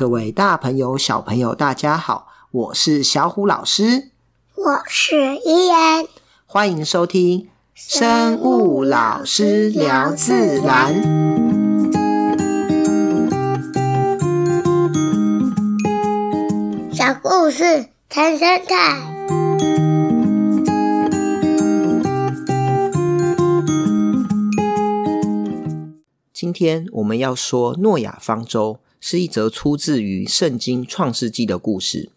各位大朋友、小朋友，大家好，我是小虎老師，我是伊恩，歡迎收聽生物老師聊自然，聊自然小故事談生態。今天我們要說諾亞方舟。是一則出自於《聖經·創世紀》的故事。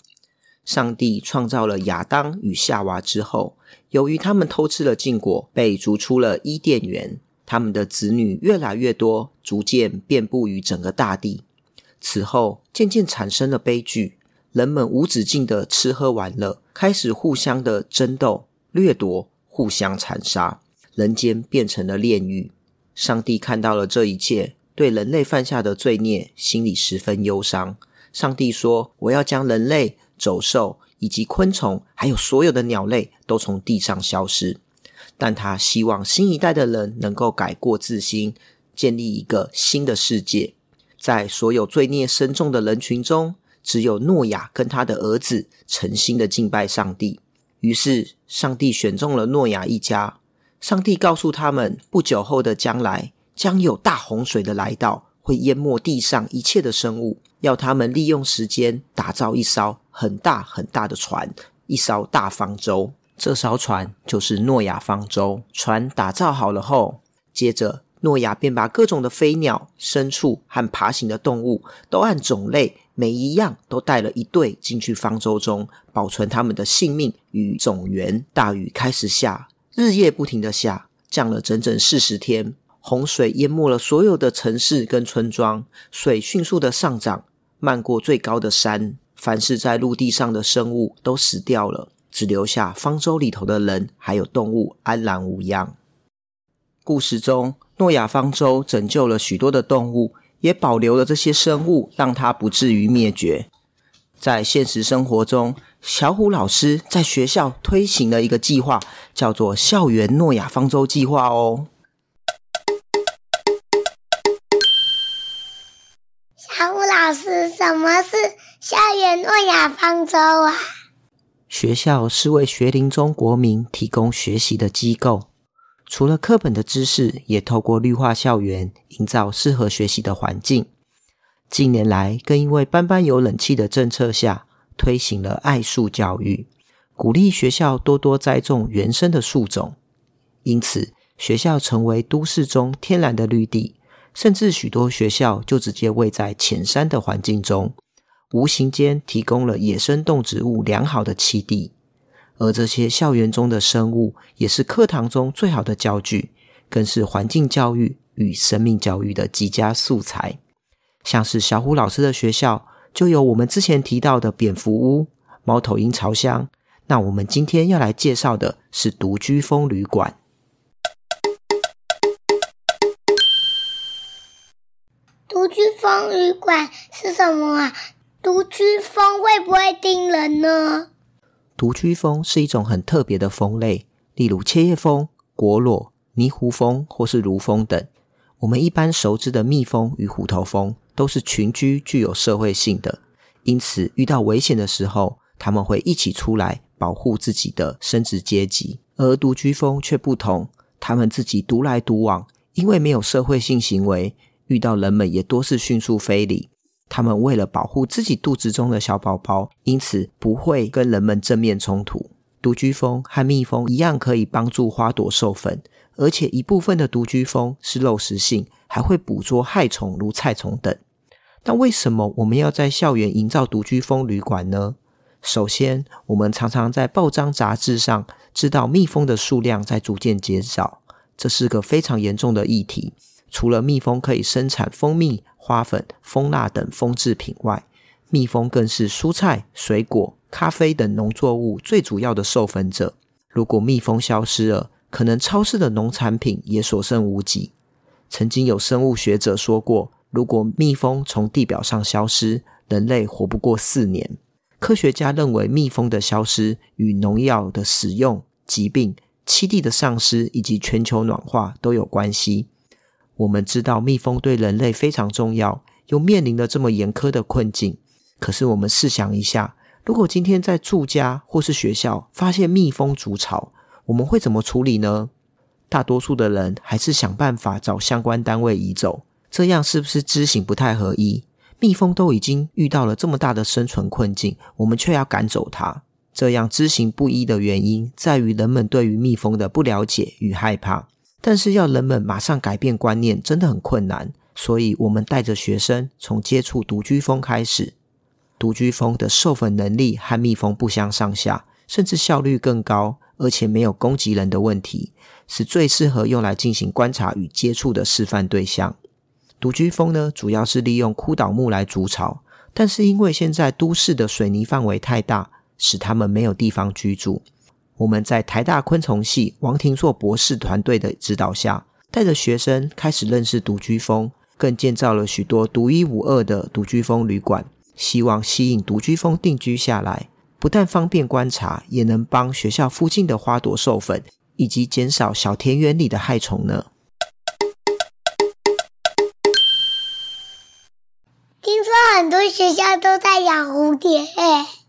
上帝創造了亞當與夏娃之後，由於他們偷吃了禁果，被逐出了伊甸園。他們的子女越來越多，逐漸遍布於整個大地。此後，漸漸產生了悲劇。人們無止境的吃喝玩樂，開始互相的爭鬥、掠奪、互相殘殺，人間變成了煉獄。上帝看到了這一切，對人類犯下的罪孽，心裡十分憂傷。上帝說：“我要將人類、走獸以及昆蟲，還有所有的鳥類，都從地上消失。”但他希望新一代的人能夠改過自新，建立一個新的世界。在所有罪孽深重的人群中，只有諾亞跟他的兒子誠心地敬拜上帝。於是，上帝選中了諾亞一家。上帝告訴他們，不久後的將來，將有大洪水的來到，會淹沒地上一切的生物，要他們利用時間打造一艘很大很大的船，一艘大方舟。這艘船就是諾亞方舟。船打造好了後，接着諾亞便把各種的飛鳥、牲畜和爬行的動物，都按種類，每一樣都帶了一對進去方舟中，保存他們的性命與種源。大雨開始下，日夜不停地下，降了整整四十天。洪水淹沒了所有的城市跟村莊，水迅速的上漲，漫過最高的山。凡是在陸地上的生物都死掉了，只留下方舟裡頭的人還有動物安然無恙。故事中，諾亞方舟拯救了許多的動物，也保留了這些生物，讓它不至於滅絕。在現實生活中，小虎老師在學校推行了一個計劃，叫做“校園諾亞方舟計劃”哦。老師，什麼是校園諾亞方舟啊？學校是為學齡中國民提供學習的機構，除了課本的知識，也透過綠化校園，營造適合學習的環境。近年來，更因為班班有冷氣的政策下，推行了愛樹教育，鼓勵學校多多栽種原生的樹種，因此學校成為都市中天然的綠地。甚至許多學校就直接位在淺山的環境中，無形間提供了野生動植物良好的棲地，而這些校園中的生物也是課堂中最好的教具，更是環境教育與生命教育的極佳素材。像是小虎老師的學校就有我們之前提到的蝙蝠屋、貓頭鷹巢箱，那我們今天要來介紹的是獨居蜂旅館。獨居蜂旅館是什麼啊？獨居蜂會不會叮人呢？獨居蜂是一種很特別的蜂類，例如切葉蜂、蜾蠃泥壺蜂、或是蘆蜂等，我們一般熟知的蜜蜂與虎頭蜂都是群居、具有社會性的，因此遇到危險的時候，他們會一起出來保護自己的生殖階級。而獨居蜂卻不同，他們自己獨來獨往，因為沒有社會性行為，遇到人們也多次迅速飛離。他們為了保護自己肚子中的小寶寶，因此不會跟人們正面衝突。獨居蜂和蜜蜂一樣，可以幫助花朵授粉，而且一部分的獨居蜂是肉食性，還會捕捉害蟲如菜蟲等。那為什麼我們要在校園營造獨居蜂旅館呢？首先，我們常常在報章雜誌上知道蜜蜂的數量在逐漸減少，這是個非常嚴重的議題。除了蜜蜂可以生產蜂蜜、花粉、蜂蠟等蜂製品外，蜜蜂更是蔬菜、水果、咖啡等農作物最主要的授粉者。如果蜜蜂消失了，可能超市的農產品也所剩無幾。曾經有生物學者說過，如果蜜蜂從地表上消失，人類活不過四年。科學家認為，蜜蜂的消失與農藥的使用、疾病、棲地的喪失以及全球暖化都有關係。我們知道蜜蜂對人類非常重要，又面臨了這麼嚴苛的困境。可是我們試想一下，如果今天在住家或是學校發現蜜蜂築巢，我們會怎麼處理呢？大多數的人還是想辦法找相關單位移走。這樣是不是知行不太合一？蜜蜂都已經遇到了這麼大的生存困境，我們卻要趕走它。這樣知行不一的原因，在於人們對於蜜蜂的不了解與害怕。但是要人們馬上改變觀念真的很困難，所以我們帶着學生從接觸獨居蜂開始。獨居蜂的授粉能力和蜜蜂不相上下，甚至效率更高，而且沒有攻擊人的問題，是最適合用來進行觀察與接觸的示範對象。獨居蜂呢，主要是利用枯倒木來築巢，但是因為現在都市的水泥範圍太大，使它們沒有地方居住。我們在台大昆蟲系王廷碩博士團隊的指導下，帶着學生開始認識獨居蜂，更建造了許多獨一無二的獨居蜂旅館，希望吸引獨居蜂定居下來，不但方便觀察，也能幫學校附近的花朵授粉，以及減少小田園裡的害蟲呢。聽說很多學校都在養蝴蝶，哎。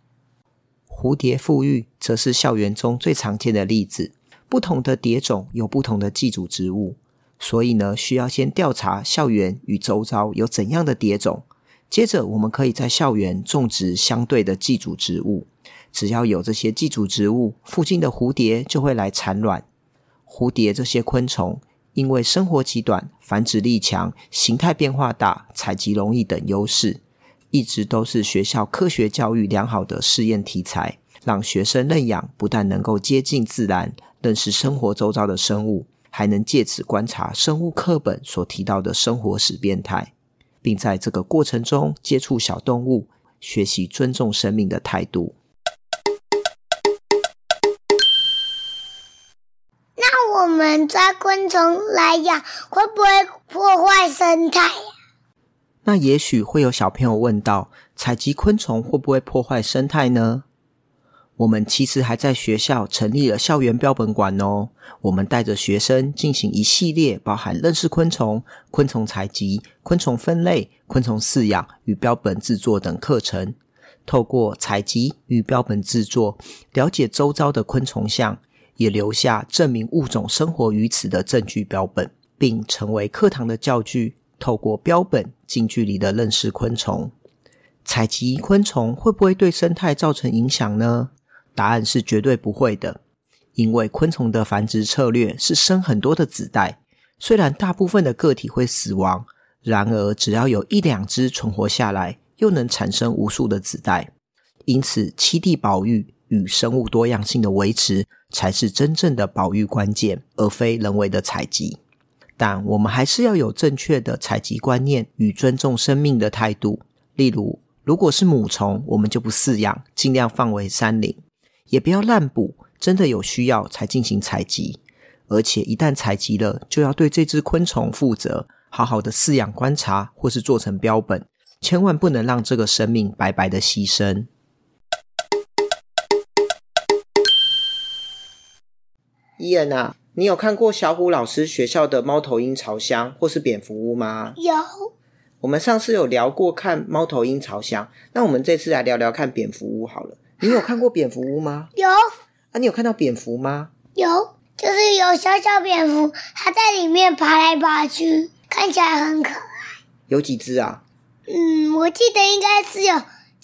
蝴蝶復育則是校園中最常見的例子。不同的蝶種有不同的寄主植物，所以呢，需要先調查校園與周遭有怎樣的蝶種。接着，我們可以在校園種植相對的寄主植物。只要有這些寄主植物，附近的蝴蝶就會來產卵。蝴蝶這些昆蟲，因為生活極短、繁殖力強、形態變化大、採集容易等優勢。一直都是學校科學教育良好的實驗題材，讓學生認養，不但能夠接近自然，認識生活周遭的生物，還能借此觀察生物課本所提到的生活史變態，並在這個過程中接觸小動物，學習尊重生命的態度。那我們抓昆蟲來養，會不會破壞生態？那也許會有小朋友問到：採集昆蟲會不會破壞生態呢？我們其實還在學校成立了校園標本館哦。我們帶着學生進行一系列包含認識昆蟲、昆蟲採集、昆蟲分類、昆蟲飼養與標本制作等課程。透過採集與標本制作，了解周遭的昆蟲相，也留下證明物種生活於此的證據標本，並成為課堂的教具。透過標本近距離的認識昆蟲，採集昆蟲會不會對生態造成影響呢？答案是絕對不會的，因為昆蟲的繁殖策略是生很多的子代，雖然大部分的個體會死亡，然而只要有一兩隻存活下來，又能產生無數的子代。因此，棲地保育與生物多樣性的維持才是真正的保育關鍵，而非人為的採集。但我們還是要有正確的採集觀念與尊重生命的態度。例如，如果是母蟲，我們就不飼養，盡量放回山林，也不要濫捕，真的有需要才進行採集。而且，一旦採集了，就要對這隻昆蟲負責，好好的飼養觀察，或是做成標本，千萬不能讓這個生命白白的犧牲。伊恩啊，你有看過小虎老師學校的貓頭鷹巢箱或是蝙蝠屋嗎？有。我們上次有聊過看貓頭鷹巢箱，那我們這次來聊聊看蝙蝠屋好了。你有看過蝙蝠屋嗎？有。啊，你有看到蝙蝠嗎？有，就是有小小蝙蝠，它在裡面爬來爬去，看起來很可愛。有幾隻啊？嗯，我記得應該是有。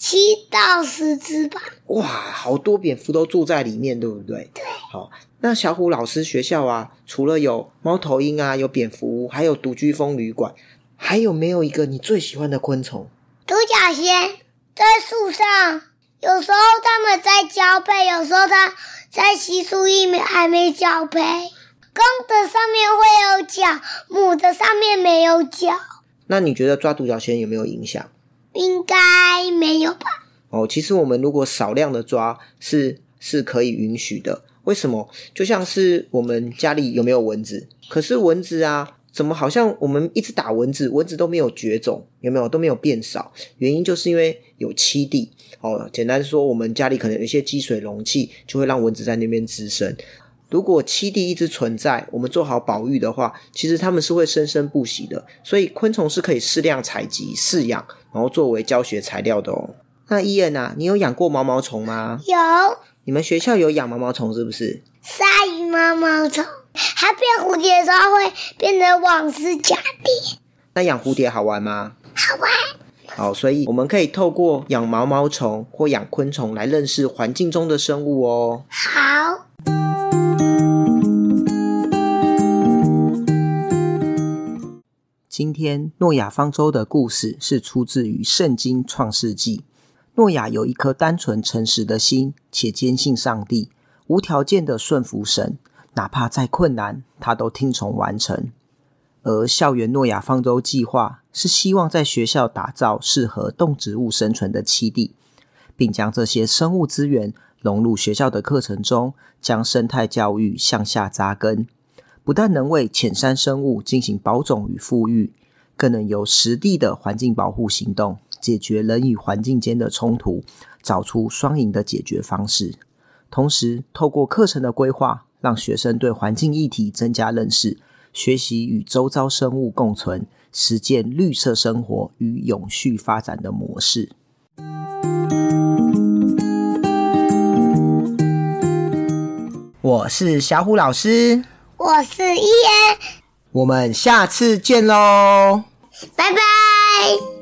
七到十隻吧。哇，好多蝙蝠都住在裡面，對不對？對。好，那小虎老師學校啊，除了有貓頭鷹啊，有蝙蝠，還有獨居蜂旅館，還有沒有一個你最喜歡的昆蟲？獨角仙在樹上，有時候他們在交配，有時候它在吸樹液，還沒交配。公的上面會有角，母的上面沒有角。那你覺得抓獨角仙有沒有影響？應該沒有吧？哦，其實我們如果少量的抓是是可以允許的。為什麼？就像是我們家裡有沒有蚊子？可是蚊子啊，怎麼好像我們一直打蚊子，蚊子都沒有絕種，有沒有都沒有變少？原因就是因為有棲地。哦，簡單說，我們家裡可能有一些積水容器，就會讓蚊子在那邊滋生。如果棲地一直存在，我們做好保育的話，其實他們是會生生不息的。所以昆蟲是可以適量採集飼養，然後作為教學材料的哦。那伊恩啊，你有養過毛毛蟲嗎？有。你們學校有養毛毛蟲是不是？鯊魚毛毛蟲，它變蝴蝶的時候會變成網絲蛺蝶。那養蝴蝶好玩嗎？好玩。好，所以我們可以透過養毛毛蟲或養昆蟲來認識環境中的生物哦。好。今天，諾亞方舟的故事是出自於聖經創世紀。諾亞有一顆單純誠實的心，且堅信上帝，無條件的順服神，哪怕再困難，他都聽從完成。而校園諾亞方舟計劃是希望在學校打造適合動植物生存的棲地，並將這些生物資源融入學校的課程中，將生態教育向下扎根。不但能為淺山生物進行保種與復育，更能由實地的環境保護行動，解決人與環境間的衝突，找出雙贏的解決方式。同時，透過課程的規劃，讓學生對環境議題增加認識，學習與周遭生物共存，實踐綠色生活與永續發展的模式。我是小虎老師。我是伊恩，我們下次見嘍，拜拜。